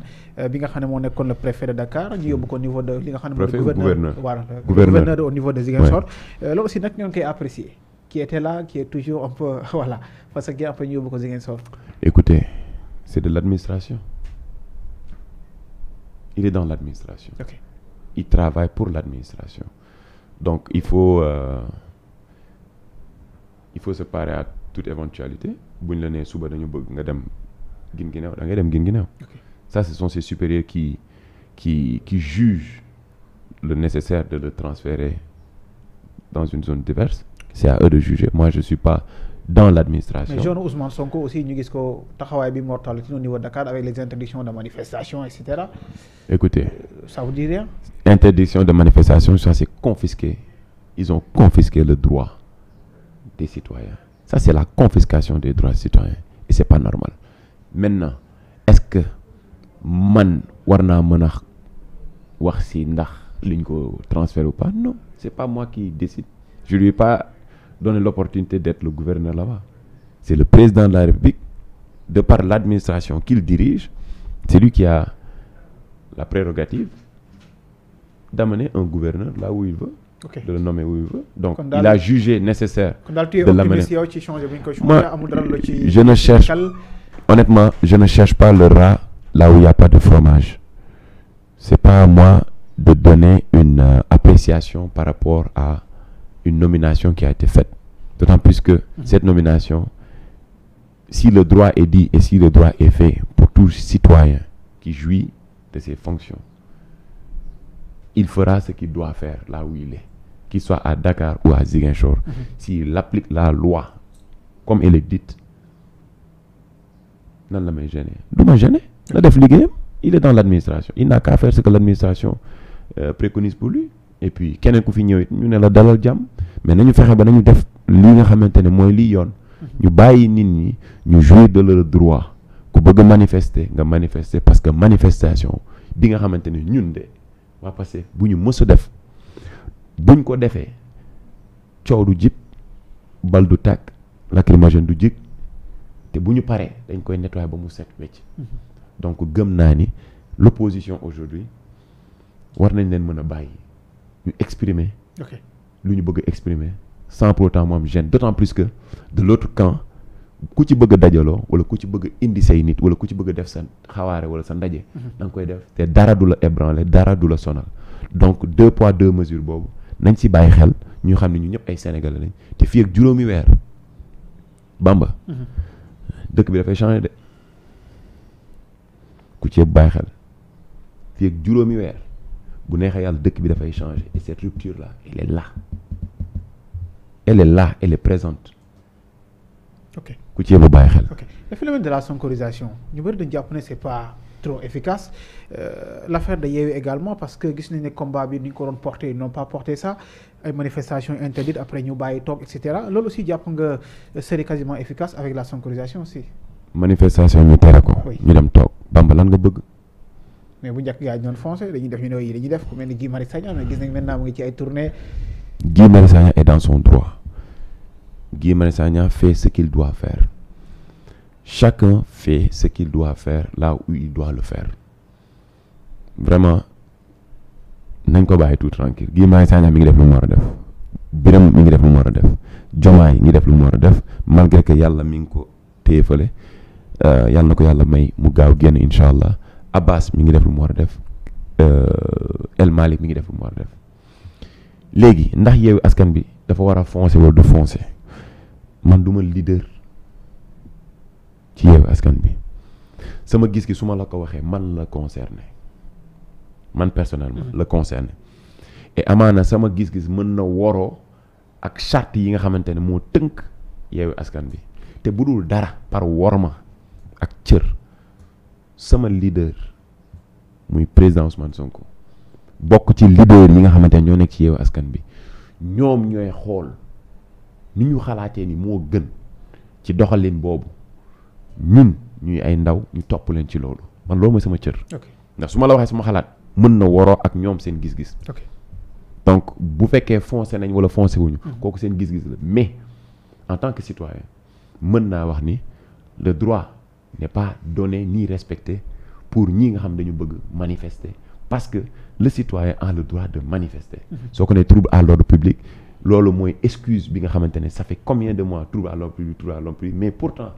Bougane euh, bi nga xam ne moo nekkoon le préfet de Dakar ñu yóbbu ko au niveau de li nga xam ne mooy gouverneur voilà gouverneur au niveau de Ziguinchor euh, loolu aussi nag ñoo koy apprécier qui était là qui est toujours un peu voilà parce que après ñu yóbbu ko Ziguinchor écoutez c'est de l'administration donc il faut euh, il faut se parer à toute éventualité bu ñu la nee suba dañu bëgg nga dem Guinguinéo da ngay dem gin Guinguinéo Ça, ce sont ses supérieurs qui, qui, qui jugent le nécessaire de le transférer dans une zone diverse. C'est à eux de juger. Moi, je ne suis pas dans l'administration. Mais jeune Ousmane Sonko aussi, nous avons travail mortal au niveau de Dakar avec les interdictions de manifestation, etc. Écoutez. Euh, ça vous dit rien Interdiction de manifestation, ça c'est confisqué. Ils ont confisqué le droit des citoyens. Ça c'est la confiscation des droits citoyens. Et c'est pas normal. Maintenant, est-ce que man war naa mën a wax si ndax liñ ko transfert ou pas non c'est pas moi qui décide je lui ai pas l'opportunité d'être le gouverneur là-bas c'est le président de la République de par l'administration qu'il dirige c'est qui a la prérogative d'amener un gouverneur là où il veut Okay. de le nommer où il veut donc il a jugé nécessaire de l'amener moi je ne cherche honnêtement je ne cherche pas le rat là où il n'y a pas de fromage. C'est pas à moi de donner une euh, appréciation par rapport à une nomination qui a été faite. D'autant plus que mmh. cette nomination, si le droit est dit et si le droit est fait pour tout citoyen qui jouit de ses fonctions, il fera ce qu'il doit faire là où il est, qu'il soit à Dakar ou à Ziguinchor. Mmh. S'il applique la loi comme elle est dite, non, la me gêner. D'où me gêner na def liggéeyam il est dans l'administration il n'a qu'à faire ce que l'administration euh, préconise pour lui et puis keneen ku fi ñëw it ñu ne la dalal jàmm mais nañu fexe ba nañu def li nga xamante ne mooy lii yoon mhm. ñu bàyyi nit ñi ñu jouir de leur droit ku bëgg manifester nga manifester parce que manifestation bi nga xamante ne ñun de waa passé bu ñu mës a def buñ ko defee coow du jib bal du tàkk lacrymogène du jig te bu ñu paree dañ koy nettoyer ba mu set wecc mhm. donc gëm naa ni l'opposition aujourd'hui war nañ leen mën a bàyyi ñu exprimer lu ñu bëgg a exprimer sans pour autant mu am gêne plus que de l'autre camp ku ci bëgg dajaloo wala ku ci bëgg indi say nit wala ku ci bëgg a def sa xawaare wala sa ndaje mhm. danga koy def te dara du la ébranler dara du la sonal donc deux poids deux mesures boobu nañ si bàyyi xel ñu xam ne ñu ñëpp ay sénégalais lañ te fii ak juróomi weer bamba mhm. dëkk bi dafay changer de ku bu bàyyi xel fii ak juróomi weer bu neexee yàlla dëkk bi dafay changer et cette rupture là elle est là elle est présente. ok ku ci bu bàyyi xel. ok le phénomène de la sonkorisation ñu bëri dañu jàpp ne c'est pas trop efficace euh, l'affaire de Yewwi également parce que gis nañ ne combat bi ni ko doon porté ils n'ont pas porté ça ay manifestations interdites après ñu bàyyi toog et cetera loolu aussi jàpp nga serait quasiment efficace avec la sonkorisation si manifestation ñu tere ñu dem toog. Bamba lan nga bëgg. mais bu njëkk gaa yi ñoon foncé dañuy def ñu ne yi dañuy def ku mel ni Guy Marius Sagna mais gis nañ maintenant mu ngi ci ay tournée. Guy Marius Sagna est dans son droit Guy Marius Sagna fait ce qu'il doit faire chacun fait ce qu'il doit faire là où il doit vraiment nañ ko bàyyi tout tranquille Guy Marius Sagna mi ngi def lu mu war a def Birame mi ngi def lu mu war a def Diomaye mi ngi def lu mu war a def malgré que yàlla mi ngi ko téye Euh, yàlla na ko yàlla may mu gaaw génn incha allah Abbas mi ngi def lu mu war a def euh, El Malick mi ngi def lu mu war a def léegi ndax yeewu askan bi dafa war a foncer wala du foncer man duma ma leader ci yeewu askan bi sama gis gi su ma la ko waxee man la concerné man personnellement mm-hmm. la concerné et amaana sama gis-gis mën na woro ak chart yi nga xamante ne moo tënk yeewu askan bi te bu dul dara par worma ak cër sama liider muy président Ousmane Sonko bokk ci leader yi nga xamante ne ñoo nekk ci yeewu askan bi ñoom ñooy xool ni ñu xalaatee ni moo gën ci doxalin boobu ñun ñuy ay ndaw ñu topp leen ci loolu man loolu mooy sama cër. ndax su ma la waxee sama xalaat mën na waroo ak ñoom seen gis-gis. donc bu fekkee foncé nañ wala foncé wuñu. Hmm. kooku seen gis-gis la mais en tant que citoyen mën naa wax ni le droit. n'est pas donné ni respecté pour ñii nga xam dañu bëgg manifester parce que le citoyen a le droit de manifester. Mhm. soo ko nee trouble à l'ordre public loolu mooy excuse bi nga xamante ne ça comme combien de mois trouble à l'ordre public trouble à l'ordre public mais pourtant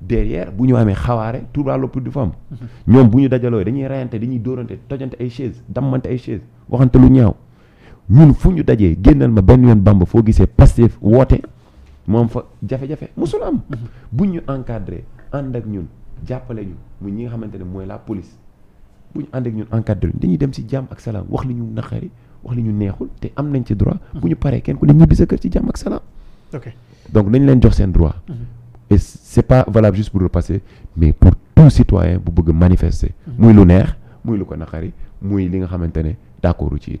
derrière bu ñu amee xawaare trouble à l'ordre public du fa am. Mhm. ñoom bu ñu dajaloo dañuy reyante dañuy dóorante tojante ay chaise dammante ay chaise waxante lu ñaaw ñun fu ñu dajee génnal ma benn yoon Bamba foo gisee Pastef woote moom fa jafe-jafe am. Mhm. bu ñu encadré. ànd ak ñun jàppale ñu muy ñi nga xamante ne mooy la police bu ñu ànd ak ñun encadré dañuy dem si jàmm ak salaam wax li ñu naqari wax li ñu neexul te am nañ ci droit. bu ñu paree kenn ku ne ñibbi sa kër ci jàmm ak salaam. ok donc nañ leen jox seen droit. Mhm. et c'est pas valable juste pour le mais pour tout citoyen bu bëgg manifester. Mhm. muy lu neex muy lu ko naqari muy li nga xamante ne d'accordu ci it.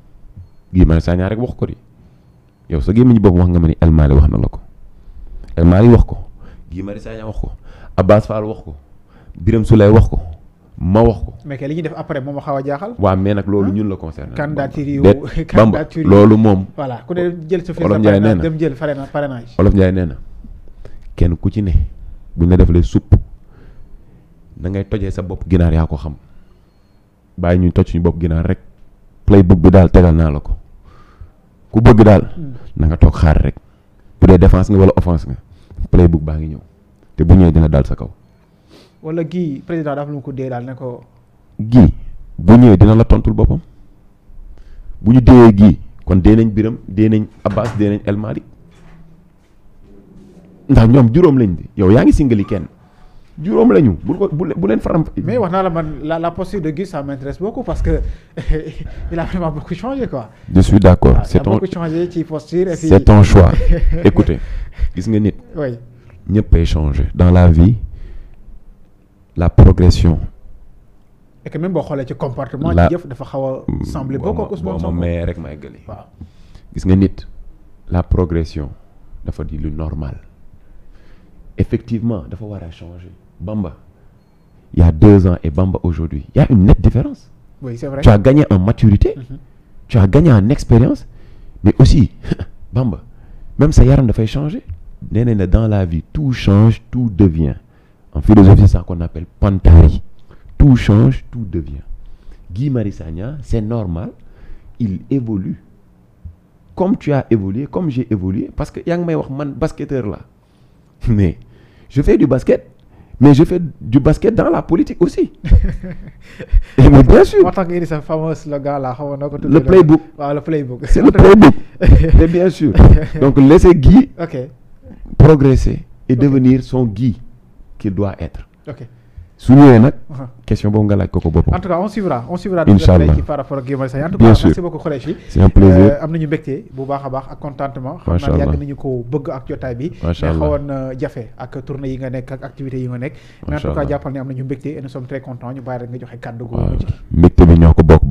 Guy Marius Sagna rek wax ko di yow sa gémmiñu bopp wax nga ma ni El Malick wax na la ko El Malick wax ko Guy Marius Sagna wax ko Abbas Fall wax ko Birame Souleye wax ko ma wax ko. mais que li def après moom xaw a jaaxal. waaw mais nag loolu ah? ñun la concerné. candidature yu candidature yu loolu moom. voilà ku ne jël sa Olof Ndiaye nee na dem jël parrainage. Olof Ndiaye nee na kenn ku ci ne buñ la defalee sup na ngay tojee sa bopp ginaar yaa ko xam bàyyi ñu toj suñu bopp ginaar rek play bi daal tegal naa la ko. ku bëgg daal na nga toog xaar rek bu dee défense nga wala offense nga playbook baa ngi ñëw te bu ñëwee dina daal sa kaw. wala gii président dafa lu ko dee daal ne ko. gii bu ñëwee dina la tontul boppam bu ñu déwee gii kon dee nañ Biram dee nañ Abbas dee nañ El ndax ñoom juróom lañ di yow yaa ngi singali kenn. juróom lañu bu ko bu leen faram. mais wax naa la man la la posture de Guy ça m'intéresse beaucoup parce que il a vraiment beaucoup changé quoi. je suis d'accord ah, c'est ton choix écoutez gis nga nit. oui ñëppay dans la vie la progression. et que même boo xoolee ci comportement. la dafa xaw a. semblé mm, beaucoup ak Ousmane mais rek may gëli. waaw gis nga nit la progression dafa di lu normal. effectivement dafa war a changer Bamba il y a deux ans et Bamba aujourd'hui il une nette différence oui c'est vrai tu as gagné en maturité mm -hmm. tu as gagné en expérience mais aussi Bamba même sa yaram dafay changer nee na dans la vie tout change tout devient en philosophie c'est ça qu'on appelle Pantari tout change tout devient Guy Marius Sagna c'est normal il évolue comme tu as évolué comme j'ai évolué parce que yaa ngi may wax man basketteur la mais je fais du basket mais je fais du basket dans la politique aussi. et mais bien sûr. moo tax nga indi sa fameux slogan là xamoon na ko. le playbook waaw le playbook. c'est le playbook. et bien sûr donc laissez Guy. ok progresser et okay. devenir son Guy qu'il doit être. ok. su ñëwee nag. question boobu nga laaj ko ko boppam. en cas on suivra ci par rapport ak Guy Marius Sagna en tout cas euh, bu baax a baax ak contentement. xam naa yàgg nañu ko bëgg ak jotaay bi. macha xawoon euh, jafe ak tournée yi nga nekk ak activités yi nga nekk. macha allah cas jàppal ne am nañu mbégte et nous sommes très ñu bàyyi rek nga joxe kàddu gu. waaw bi ñoo ko bokk